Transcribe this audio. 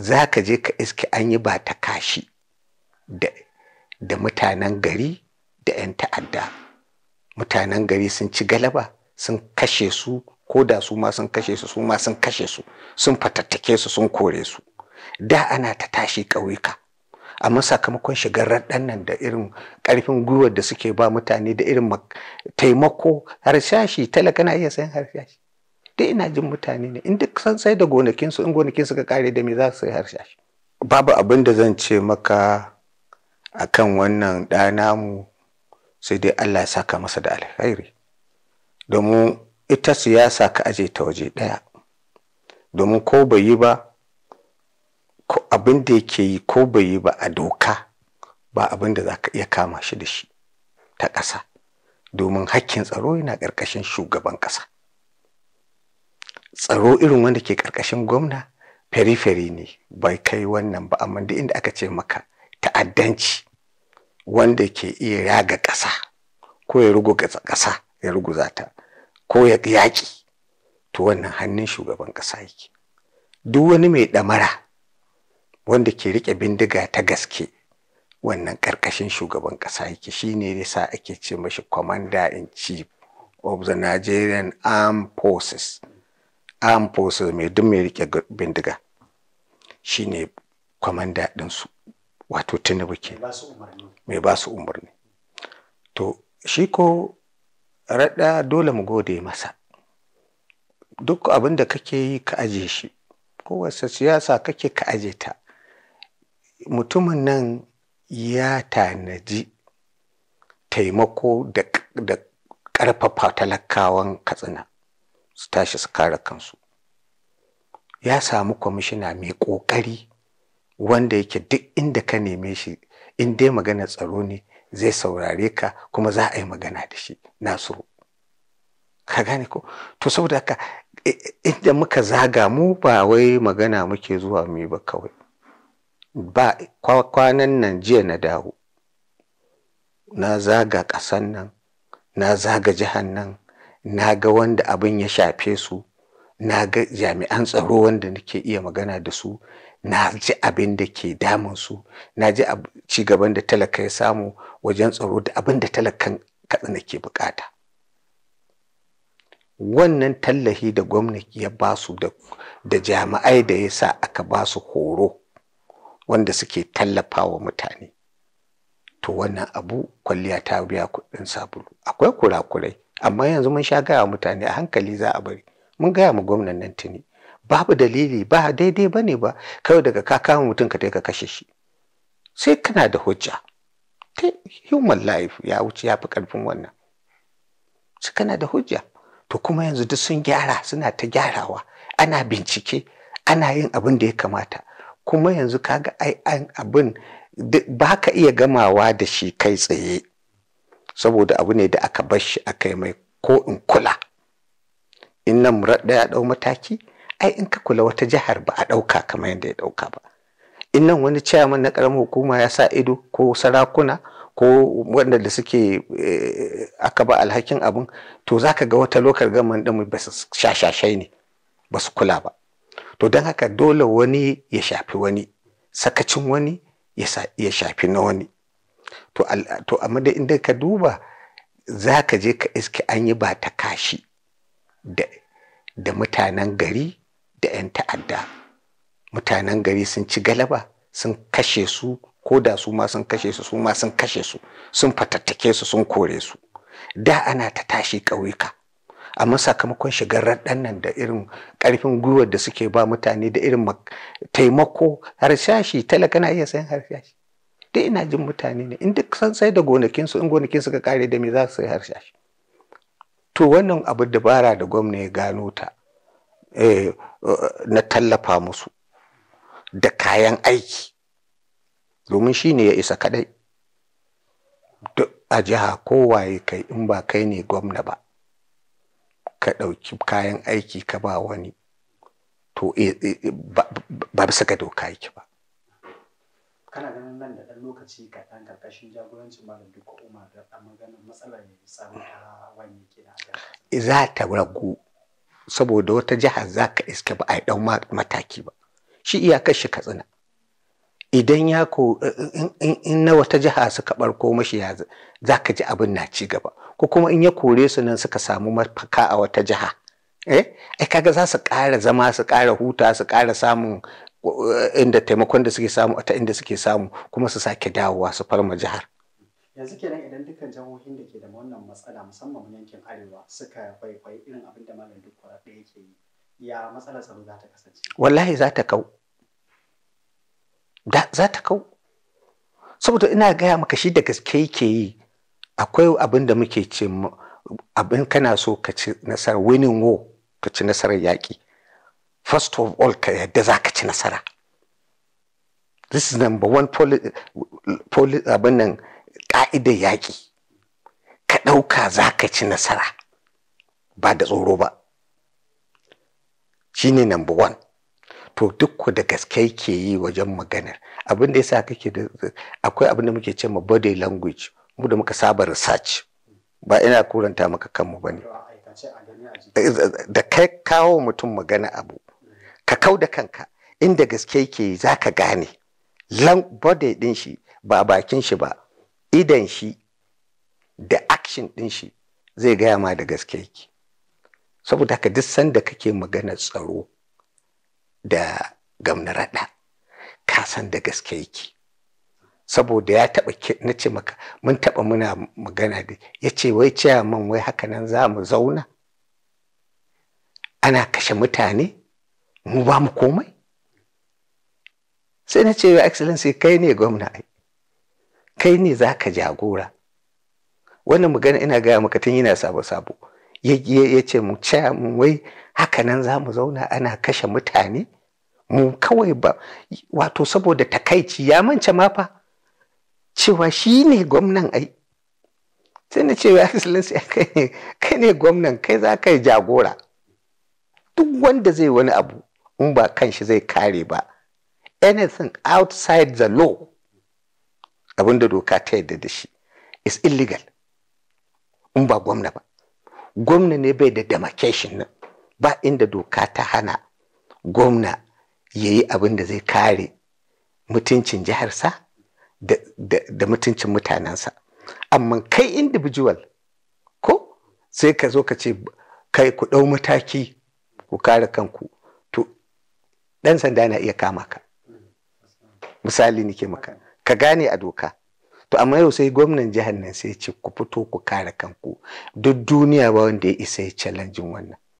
za ka je ka iske an yi ba ta kashi da mutanen gari da 'yan ta'adda mutanen gari sun ci galaba sun kashe su ko da su ma sun kashe su su ma sun kashe su sun fatattake su sun kore su da ana ta tashi ƙauyuka amma sakamakon shigar raɗan nan da irin ƙarfin gwiwar da suke ba mutane da irin taimako harsashi talaka na iya sayan harsashi duk ina jin mutane ne in duk san sai da gonakinsu in gonakin suka kare da me za su yi babu abin da zan ce maka akan wannan ɗa namu sai dai Allah ya saka masa da alkhairi domin ita siyasa ka aje ta waje ɗaya domin ko bai yi ba abin da yake yi ko bai yi ba a doka ba abin da za iya kama shi da shi ta ƙasa domin hakkin tsaro yana ƙarƙashin shugaban ƙasa tsaro irin wanda ke karkashin gwamna feriferi ne bai kai wannan ba amma duk inda aka ce maka ta'addanci wanda ke iya raga ƙasa ko ya rugu ƙasa ya ruguza ta ko ya yaƙi to wannan hannun shugaban ƙasa yake duk wani mai ɗamara wanda ke riƙe bindiga ta gaske wannan ƙarƙashin shugaban ƙasa yake shi ne sa ake ce mashi commander in chief of the Nigerian Armed Forces armed forces mai duk mai rike bindiga shine kwamanda su wato tinubu ke mai ba su umarni to shi ko raɗa dole mu gode masa duk abin da kake yi ka aje shi kowace siyasa kake ka aje ta mutumin nan ya tanaji taimako da ƙarfafa talakawan katsina su tashi su kare kansu ya samu kwamishina mai ƙoƙari wanda yake duk inda ka neme shi in dai magana tsaro ne zai saurare ka kuma za a yi magana da shi nasiru ka gane ko to saboda haka inda muka zaga mu ba wai magana muke zuwa mu ba kawai ba kwanan nan jiya na dawo na zaga ƙasan nan na zaga jihan nan na ga wanda abin ya shafe su na ga jami'an tsaro wanda nake iya magana da su na ji abin da ke damun su na ji ci gaban da talaka ya samu wajen tsaro da abin da talakan katsina ke bukata wannan tallahi da gwamnati ya ba su da jami'ai da ya sa aka ba su horo wanda suke tallafawa mutane to wannan abu kwalliya ta biya kuɗin sabulu akwai kurakurai amma yanzu mun sha gaya mutane a hankali za a bari mun gaya mu gwamnan nan tuni babu dalili ba daidai ba ne ba kawai daga ka kama mutum ka ka kashe shi sai kana da hujja ta human life ya wuce ya fi karfin wannan su kana da hujja to kuma yanzu duk sun gyara suna ta gyarawa ana bincike ana yin abin da ya kamata kuma yanzu kaga ai abin ba ka iya gamawa da shi kai tsaye saboda abu ne da aka bar shi aka yi mai ko in kula in nan murad ya dau mataki ai in ka kula wata jihar ba a ɗauka kamar yadda ya ɗauka ba in nan wani chairman na karamar hukuma ya sa ido ko sarakuna ko wanda da suke eh, aka ba alhakin abin to za ka ga wata lokar gaman ɗin ba su shashashai ne ba su kula ba to don haka dole wani ya shafi wani sakacin wani ya shafi na wani to to amma da inda ka duba za ka je ka iske an yi ba ta kashi da mutanen gari da 'yan ta'adda mutanen gari sun ci galaba sun kashe su ko da su ma sun kashe su su ma sun kashe su sun fatattake su sun kore su da ana ta tashi ƙauyuka amma sakamakon shigar raɗan nan da irin ƙarfin gwiwar da suke ba mutane da irin taimako harshashi talaka na iya sayan harshashi dai ina jin mutane ne in duk san sai da gonakinsu in gonakin suka kare da me za su yi harshashi to wannan abu dabara da gwamna ya gano ta eh, na tallafa musu da kayan aiki domin shi ne ya isa kadai a jiha kowaye kai in ba kai ne gwamna ba ka ɗauki kayan aiki ka ba wani to eh, eh, ba bisa ga doka yake ba kana ganin nan da ɗan lokaci kaɗan karkashin jagorancin malam duka umar da ɗan maganin matsalar ne tsaro ta wani za ta ragu saboda wata jihar za ka iske ba a yi ɗan mataki ba shi iyakar shi katsina idan ya ko in na wata jiha suka barko mashi ya za ka ji abin na ci gaba ko kuma in ya kore su nan suka samu mafaka a wata jiha eh ai kaga za su ƙara zama su ƙara huta su ƙara samun inda taimakon da suke samu a ta inda suke samu kuma su sake dawowa su farma jihar yanzu kenan idan dukkan jihohin da ke da wannan matsala musamman yankin arewa suka kwaikwayi irin abin da malam duk ɗaya ke yi ya matsalar tsaro za ta kasance wallahi za ta kau da za ta kau saboda ina gaya maka shi da gaske ke yi akwai abin da muke ce abin kana so ka ci nasarar winning war ka ci nasarar yaƙi first of all ka yadda za ka ci nasara this is number one abin nan ka'idar yaƙi ka ɗauka za ka ci nasara ba da tsoro ba shi ne number one to duk da gaske ke yi wajen maganar abin da ya sa kake da akwai abin da muke cewa body language mu da muka saba research ba ina kuranta maka kanmu ba ne da kai kawo mutum magana abu ka kau da kanka inda gaske yake za ka gane lan bode ɗin shi ba bakin shi ba idan shi da action ɗin shi zai gaya ma da gaske yake saboda haka duk sanda kake magana tsaro da gamna raɗa ka san da gaske yake saboda ya taɓa na ce maka mun taɓa muna magana da ya ce wai man wai haka nan za mu zauna ana kashe mutane mu ba mu komai sai na ce wa excellency kai ne gwamna ai kai ne za ka jagora wannan magana ina gaya maka tun yana sabo-sabo ya ce mu caya mun wai hakanan za mu zauna ana kashe mutane mu kawai ba wato saboda takaici ya mance ma fa cewa shi ne gwamnan ai sai na cewa excellency kai ne gwamnan kai za ka jagora duk wanda zai wani abu in ba kan shi zai kare ba anything outside the law abinda doka ta yadda da shi is illegal in ba gwamna ba gwamna ne bai da demarcation nan ba inda doka ta hana gwamna ya yi abin da zai kare mutuncin jiharsa da, da, da mutuncin mutanensa amma kai individual ko sai ka zo ka ce kai ku ɗau mataki ku kare kanku ɗan sanda na iya kama ka misali nike maka ka gane a doka to amma yau sai gwamnan jihar nan sai ce ku fito ku kare kanku duk duniya ba wanda ya isa ya challenge wannan